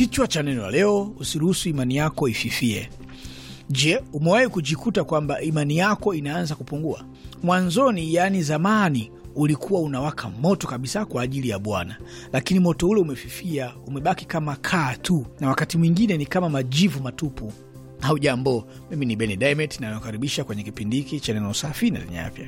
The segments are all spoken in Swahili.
Kichwa cha neno la leo: usiruhusu imani yako ififie. Je, umewahi kujikuta kwamba imani yako inaanza kupungua? Mwanzoni, yaani zamani, ulikuwa unawaka moto kabisa kwa ajili ya Bwana, lakini moto ule umefifia, umebaki kama kaa tu, na wakati mwingine ni kama majivu matupu. jambo mimi ni Beni Dimet na nakaribisha kwenye kipindi hiki cha neno safi na lenye afya.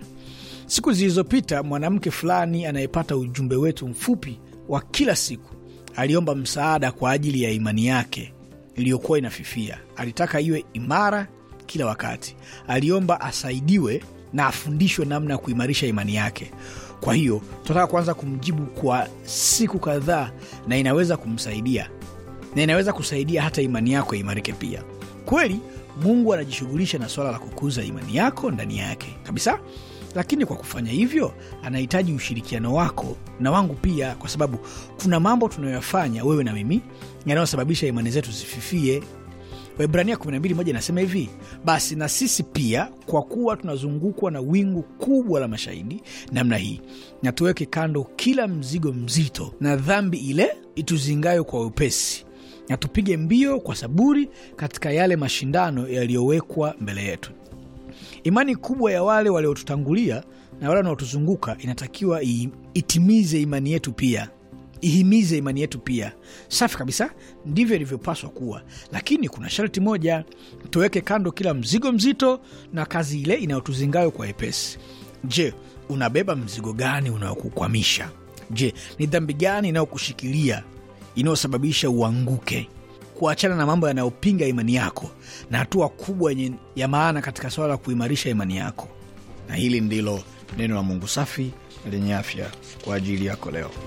Siku zilizopita, mwanamke fulani anayepata ujumbe wetu mfupi wa kila siku aliomba msaada kwa ajili ya imani yake iliyokuwa inafifia. Alitaka iwe imara kila wakati. Aliomba asaidiwe na afundishwe namna ya kuimarisha imani yake. Kwa hiyo tunataka kuanza kumjibu kwa siku kadhaa, na inaweza kumsaidia na inaweza kusaidia hata imani yako imarike pia. Kweli Mungu anajishughulisha na swala la kukuza imani yako ndani yake kabisa lakini kwa kufanya hivyo anahitaji ushirikiano wako na wangu pia, kwa sababu kuna mambo tunayoyafanya wewe na mimi yanayosababisha imani zetu zififie. Waibrania 12:1 inasema hivi: basi na sisi pia, kwa kuwa tunazungukwa na wingu kubwa la mashahidi namna hii, na tuweke kando kila mzigo mzito na dhambi ile ituzingayo kwa wepesi, na tupige mbio kwa saburi katika yale mashindano yaliyowekwa mbele yetu. Imani kubwa ya wale waliotutangulia na wale wanaotuzunguka inatakiwa itimize imani yetu pia, ihimize imani yetu pia. Safi kabisa, ndivyo ilivyopaswa kuwa, lakini kuna sharti moja: tuweke kando kila mzigo mzito na kazi ile inayotuzingayo kwa epesi Je, unabeba mzigo gani unaokukwamisha? Je, ni dhambi gani inayokushikilia inayosababisha uanguke? kuachana na mambo yanayopinga imani yako na hatua kubwa yenye ya maana katika swala la kuimarisha imani yako. Na hili ndilo neno la Mungu safi lenye afya kwa ajili yako leo.